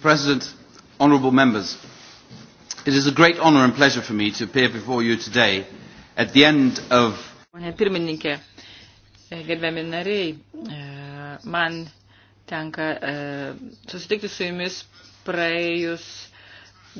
President, honorable members, it is a great honor and pleasure for me to appear before you today at the end of. Pone pirmininkė, gerbiami nariai, e, man tenka e, susitikti su jumis praėjus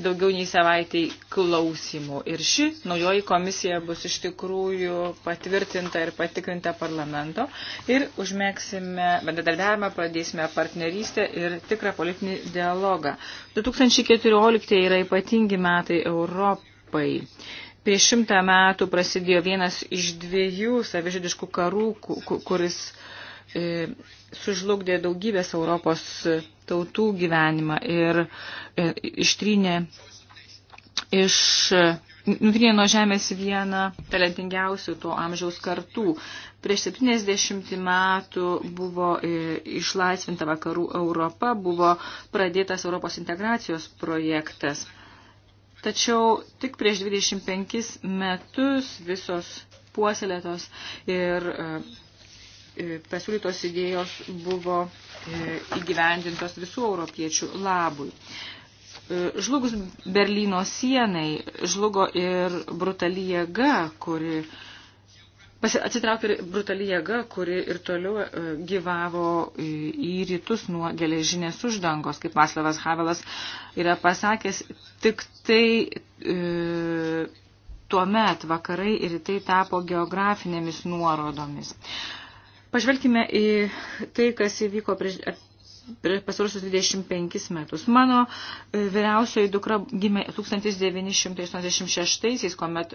daugiau nei savaitėj klausimų. Ir ši naujoji komisija bus iš tikrųjų patvirtinta ir patikrinta parlamento. Ir užmėgsime bendradarbiavimą, pradėsime partnerystę ir tikrą politinį dialogą. 2014 yra ypatingi metai Europai. Prieš šimtą metų prasidėjo vienas iš dviejų savižudiškų karų, kuris. Kur, E, sužlugdė daugybės Europos tautų gyvenimą ir e, ištrynė iš nutrynė nuo žemės vieną talentingiausių to amžiaus kartų. Prieš 70 metų buvo e, išlaisvinta vakarų Europa, buvo pradėtas Europos integracijos projektas. Tačiau tik prieš 25 metus visos puoselėtos ir E, pasiūlytos idėjos buvo e, įgyvendintos visų europiečių labui. E, žlugus Berlyno sienai žlugo ir brutali jėga, kuri atsitraukė ir brutali jėga, kuri ir toliau gyvavo į rytus nuo geležinės uždangos, kaip Vaslavas Havelas yra pasakęs, tik tai e, tuo met vakarai ir tai tapo geografinėmis nuorodomis. E, Pažvelkime į tai, kas įvyko prieš pasarusius 25 metus. Mano e, vyriausioji dukra gimė 1986, kuomet e,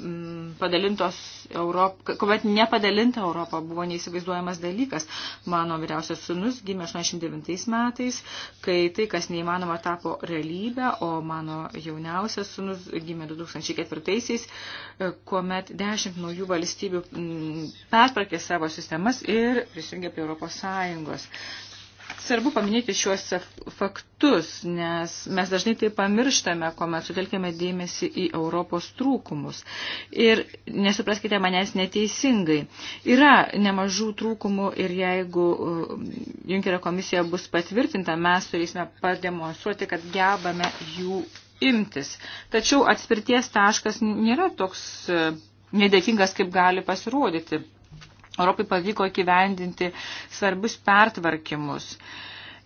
Mm, padalintos Europą, kuomet nepadalinta Europa buvo neįsivaizduojamas dalykas. Mano vyriausias sunus gimė 89 metais, kai tai, kas neįmanoma, tapo realybę, o mano jauniausias sunus gimė 2004-aisiais, e, kuomet dešimt naujų valstybių mm, pertvarkė savo sistemas ir prisijungė prie Europos Sąjungos. Svarbu paminėti šiuos faktus, nes mes dažnai tai pamirštame, kuomet sutelkėme dėmesį į Europos trūkumus. Ir nesupraskite manęs neteisingai. Yra nemažų trūkumų ir jeigu um, Junkerio komisija bus patvirtinta, mes turėsime pademonstruoti, kad gebame jų imtis. Tačiau atspirties taškas nėra toks uh, nedėkingas, kaip gali pasirodyti. Europai pavyko įgyvendinti svarbius pertvarkimus.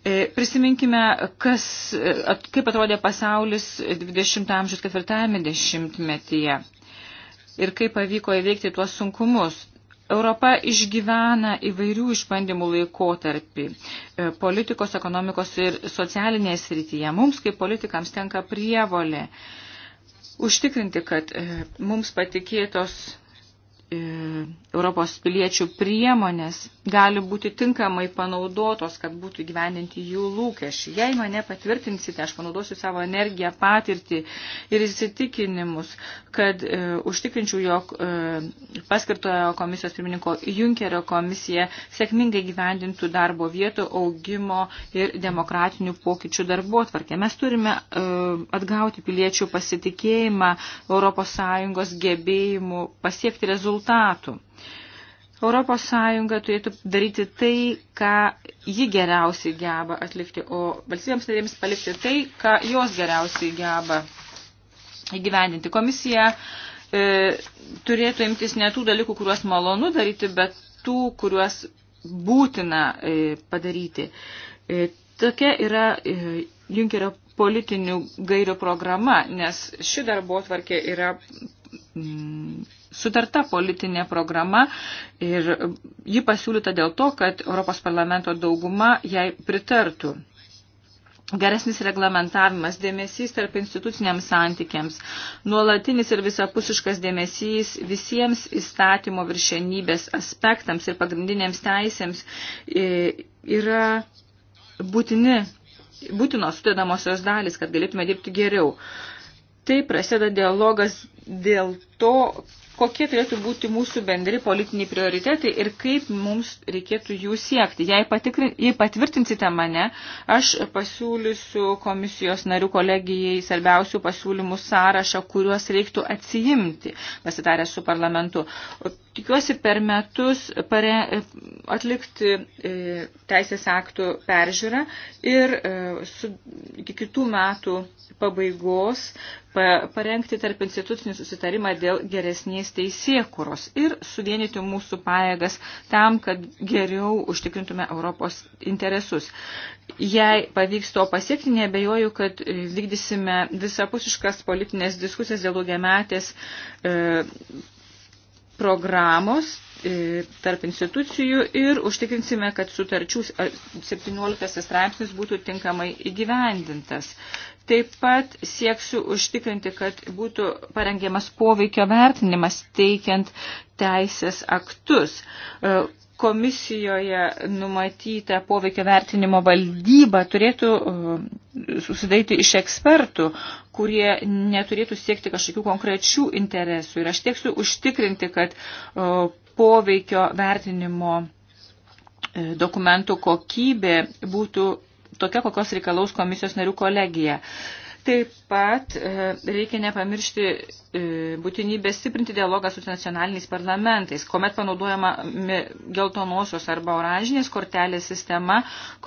E, prisiminkime, kas, e, kaip atrodė pasaulis 20 amžiaus ketvirtajame dešimtmetyje ir kaip pavyko įveikti tuos sunkumus. Europa išgyvena įvairių išbandymų laikotarpį e, politikos, ekonomikos ir socialinėje srityje. Mums kaip politikams tenka prievolė užtikrinti, kad mums patikėtos E, Europos piliečių priemonės gali būti tinkamai panaudotos, kad būtų gyveninti jų lūkesčiai. Jei mane patvirtinsite, aš panaudosiu savo energiją, patirtį ir įsitikinimus, kad e, užtikrinčiau, jog e, paskirtojo komisijos pirmininko Junkerio komisija sėkmingai gyvendintų darbo vietų augimo ir demokratinių pokyčių darbo atvarkę. Mes turime e, atgauti piliečių pasitikėjimą ES gebėjimu pasiekti rezultatų rezultatų. Europos Sąjunga turėtų daryti tai, ką ji geriausiai geba atlikti, o valstybėms narėms palikti tai, ką jos geriausiai geba įgyvendinti. Komisija e, turėtų imtis ne tų dalykų, kuriuos malonu daryti, bet tų, kuriuos būtina e, padaryti. E, tokia yra e, Junkerio politinių gairių programa, nes ši darbo tvarkė yra. Mm, sutarta politinė programa ir ji pasiūlyta dėl to, kad Europos parlamento dauguma jai pritartų. Geresnis reglamentavimas, dėmesys tarp instituciniams santykiams, nuolatinis ir visapusiškas dėmesys visiems įstatymo viršenybės aspektams ir pagrindinėms teisėms e, yra būtini, būtinos sudedamosios dalis, kad galėtume dirbti geriau. Tai prasideda dialogas dėl to, kokie turėtų būti mūsų bendri politiniai prioritetai ir kaip mums reikėtų jų siekti. Jei, patikrin, jei patvirtinsite mane, aš pasiūlysiu komisijos narių kolegijai svarbiausių pasiūlymų sąrašą, kuriuos reiktų atsijimti, pasitarę su parlamentu tikiuosi per metus pare, atlikti e, teisės aktų peržiūrą ir e, su, iki kitų metų pabaigos pa, parengti tarp institucinį susitarimą dėl geresnės teisėkuros ir suvienyti mūsų pajėgas tam, kad geriau užtikrintume Europos interesus. Jei pavyks to pasiekti, nebejoju, kad e, vykdysime visapusiškas politinės diskusijas dėl daugiametės e, programos E, tarp institucijų ir užtikrinsime, kad sutarčių 17 straipsnis būtų tinkamai įgyvendintas. Taip pat sieksiu užtikrinti, kad būtų parengiamas poveikio vertinimas teikiant teisės aktus. E, komisijoje numatyta poveikio vertinimo valdyba turėtų e, susidaryti iš ekspertų, kurie neturėtų siekti kažkokių konkrečių interesų. Ir aš tieksiu užtikrinti, kad poveikio vertinimo e, dokumentų kokybė būtų tokia, kokios reikalaus komisijos narių kolegija. Taip pat e, reikia nepamiršti e, būtinybės stiprinti dialogą su nacionaliniais parlamentais. Komet panaudojama geltonosios arba oranžinės kortelės sistema,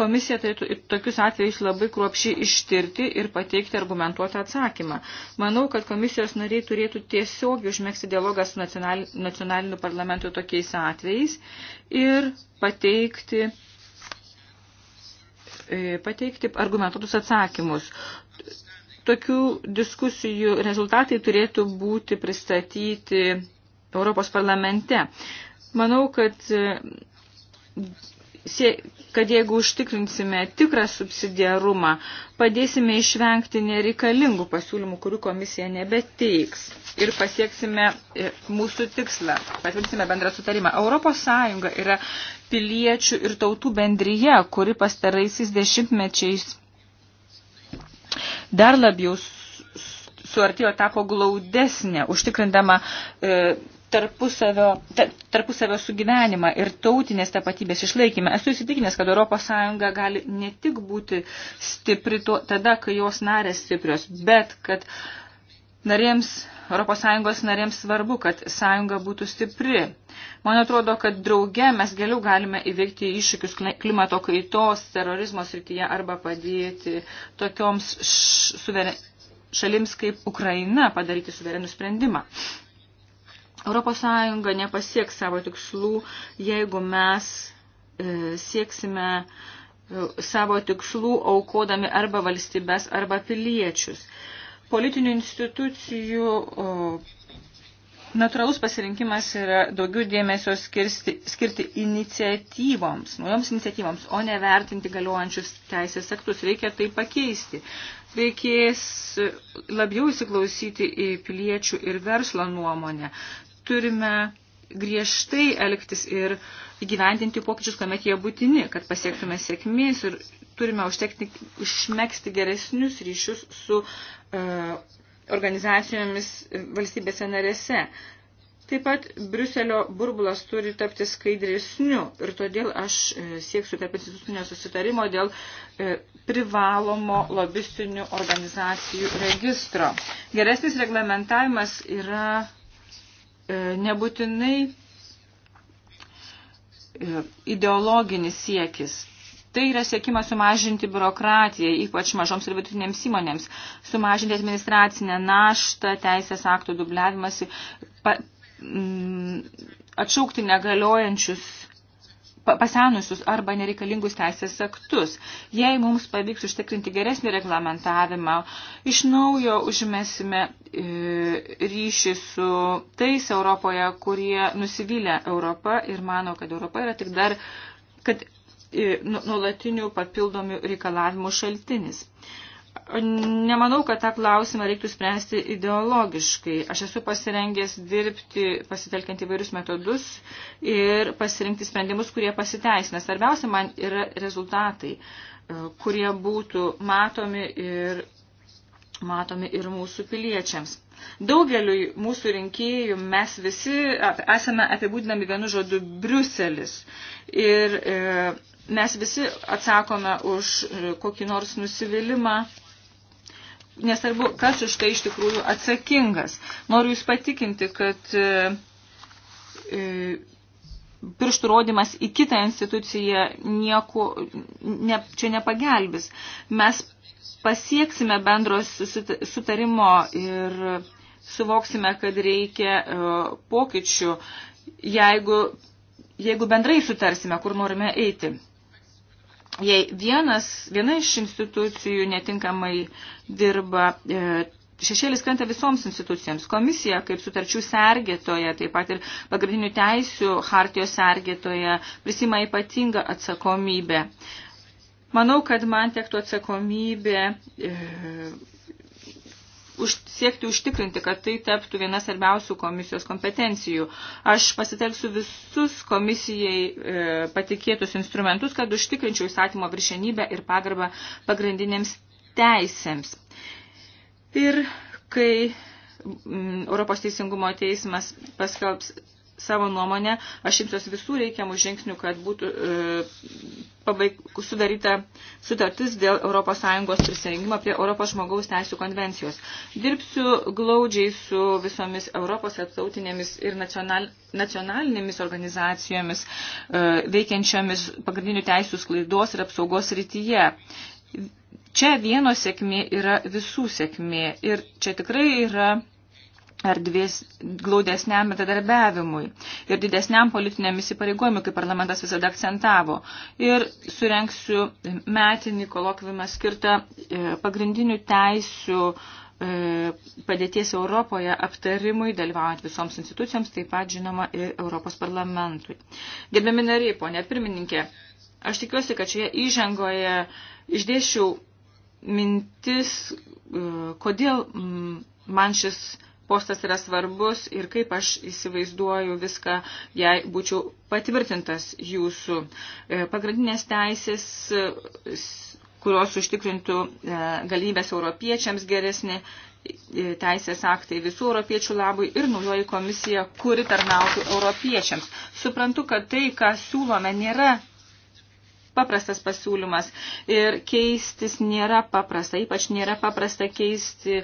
komisija turėtų tokius atvejus labai kruopšiai ištirti ir pateikti argumentuotą atsakymą. Manau, kad komisijos nariai turėtų tiesiog užmėgsti dialogą su nacionaliniu parlamentu tokiais atvejais ir pateikti e, pateikti argumentuotus atsakymus Tokių diskusijų rezultatai turėtų būti pristatyti Europos parlamente. Manau, kad, e, kad jeigu užtikrinsime tikrą subsidiarumą, padėsime išvengti nereikalingų pasiūlymų, kurių komisija nebeteiks ir pasieksime e, mūsų tikslą, patvirtinsime bendrą sutarimą. Europos Sąjunga yra piliečių ir tautų bendryje, kuri pastaraisiais dešimtmečiais dar labiau suartėjo tapo glaudesnė, užtikrindama e, tarpusavio, ta, tarpusavio sugyvenimą ir tautinės tapatybės išlaikymą. Esu įsitikinęs, kad ES gali ne tik būti stipri to, tada, kai jos narės stiprios, bet kad narėms ES narėms svarbu, kad sąjunga būtų stipri. Man atrodo, kad drauge mes geriau galime įveikti iššūkius klimato kaitos, terorizmo srityje arba padėti tokioms suveren... šalims kaip Ukraina padaryti suverenų sprendimą. ES nepasieks savo tikslų, jeigu mes e, sieksime e, savo tikslų aukodami arba valstybės, arba piliečius. E, politinių institucijų natūralus pasirinkimas yra daugiau dėmesio skirsti, skirti iniciatyvoms, naujoms iniciatyvoms, o ne vertinti galiojančius teisės aktus. Reikia tai pakeisti. Reikės labiau įsiklausyti į piliečių ir verslo nuomonę. Turime griežtai elgtis ir įgyvendinti pokyčius, kuomet jie būtini, kad pasiektume sėkmės ir turime užtekti, išmėgsti geresnius ryšius su e, organizacijomis valstybėse narėse. Taip pat Briuselio burbulas turi tapti skaidresniu ir todėl aš e, sieksiu tarp institucinio susitarimo dėl e, privalomo lobistinių organizacijų registro. Geresnis reglamentavimas yra E, nebūtinai e, ideologinis siekis. Tai yra siekimas sumažinti biurokratiją, ypač mažoms ir vidutinėms įmonėms, sumažinti administracinę naštą, teisės aktų dubliavimąsi, pa, m, atšaukti negaliojančius pasenusius arba nereikalingus teisės aktus. Jei mums pavyks užtikrinti geresnį reglamentavimą, iš naujo užmesime e, ryšį su tais Europoje, kurie nusivylę Europą ir mano, kad Europa yra tik dar kad e, nu, nuolatinių papildomių reikalavimų šaltinis. Nemanau, kad tą klausimą reiktų spręsti ideologiškai. Aš esu pasirengęs dirbti, pasitelkiant įvairius metodus ir pasirinkti sprendimus, kurie pasiteisina. Svarbiausia man yra rezultatai, e, kurie būtų matomi ir, matomi ir mūsų piliečiams. Daugeliu mūsų rinkėjų mes visi esame apibūdinami vienu žodu Briuselis. Ir, e, mes visi atsakome už kokį nors nusivylimą nesvarbu, kas už tai iš tikrųjų atsakingas. Noriu Jūs patikinti, kad e, e, pirštų rodymas į kitą instituciją nieko ne, čia nepagelbis. Mes pasieksime bendro sutarimo ir suvoksime, kad reikia e, pokyčių, jeigu, jeigu bendrai sutarsime, kur norime eiti jei vienas, viena iš institucijų netinkamai dirba, e, šešėlis krenta visoms institucijoms. Komisija, kaip sutarčių sergėtoja, taip pat ir pagrindinių teisių hartijos sergėtoja, prisima ypatingą atsakomybę. Manau, kad man tektų atsakomybė e, už, siekti užtikrinti, kad tai taptų viena svarbiausių komisijos kompetencijų. Aš pasitelksiu visus komisijai e, patikėtus instrumentus, kad užtikrinčiau įstatymo viršenybę ir pagarbą pagrindinėms teisėms. Ir kai Europos teisingumo teismas paskelbs savo nuomonę, aš imsiuos visų reikiamų žingsnių, kad būtų e, pabaig, sudaryta sutartis dėl ES prisijungimo prie Europos žmogaus teisų konvencijos. Dirbsiu glaudžiai su visomis Europos atsautinėmis ir nacional, nacionalinėmis organizacijomis e, veikiančiomis pagrindinių teisų sklaidos ir apsaugos rytyje čia vieno sėkmė yra visų sėkmė. Ir čia tikrai yra erdvės glaudesniam bendradarbiavimui ir didesniam politiniam įsipareigojimui, kaip parlamentas visada akcentavo. Ir surenksiu metinį kolokvimą skirtą e, pagrindinių teisių e, padėties Europoje aptarimui, dalyvaujant visoms institucijoms, taip pat žinoma ir Europos parlamentui. Gerbiami nariai, ponė pirmininkė, aš tikiuosi, kad šioje įžengoje išdėšiau mintis, e, kodėl man šis postas yra svarbus ir kaip aš įsivaizduoju viską, jei būčiau patvirtintas jūsų. E, pagrindinės teisės e, kurios užtikrintų e, galimybės europiečiams geresnį teisės aktai visų europiečių labui ir naujoji komisija, kuri tarnautų europiečiams. Suprantu, kad tai, ką siūlome, nėra paprastas pasiūlymas ir keistis nėra paprasta, ypač nėra paprasta keisti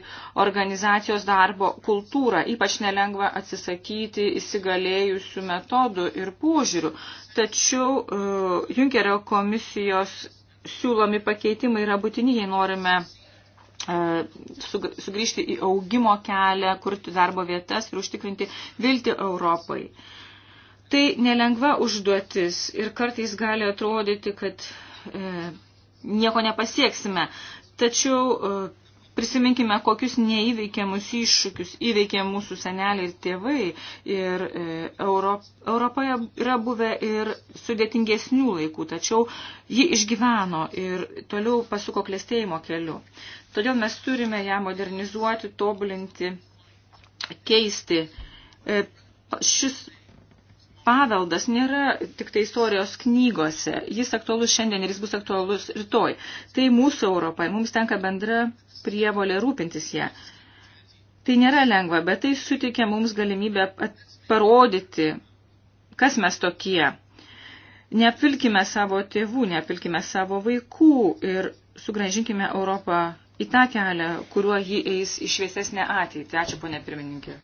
organizacijos darbo kultūrą, ypač nelengva atsisakyti įsigalėjusių metodų ir požiūrių. Tačiau uh, Junkerio komisijos siūlomi pakeitimai yra būtini, jei norime uh, sugrįžti į augimo kelią, kurti darbo vietas ir užtikrinti viltį Europai. Uh, Tai nelengva užduotis ir kartais gali atrodyti, kad e, nieko nepasieksime. Tačiau e, prisiminkime, kokius neįveikiamus iššūkius įveikė mūsų seneliai ir tėvai. Ir e, Europ, Europoje yra buvę ir sudėtingesnių laikų, tačiau ji išgyveno ir toliau pasuko klėstėjimo keliu. Todėl mes turime ją modernizuoti, tobulinti, keisti. E, šis paveldas nėra tik tai istorijos knygose. Jis aktualus šiandien ir jis bus aktualus rytoj. Tai mūsų Europa ir mums tenka bendra prievolė rūpintis ją. Tai nėra lengva, bet tai suteikia mums galimybę parodyti, kas mes tokie. Neapvilkime savo tėvų, neapvilkime savo vaikų ir sugražinkime Europą į tą kelią, kuriuo ji eis į šviesesnę ateitį. Ačiū, ponė pirmininkė.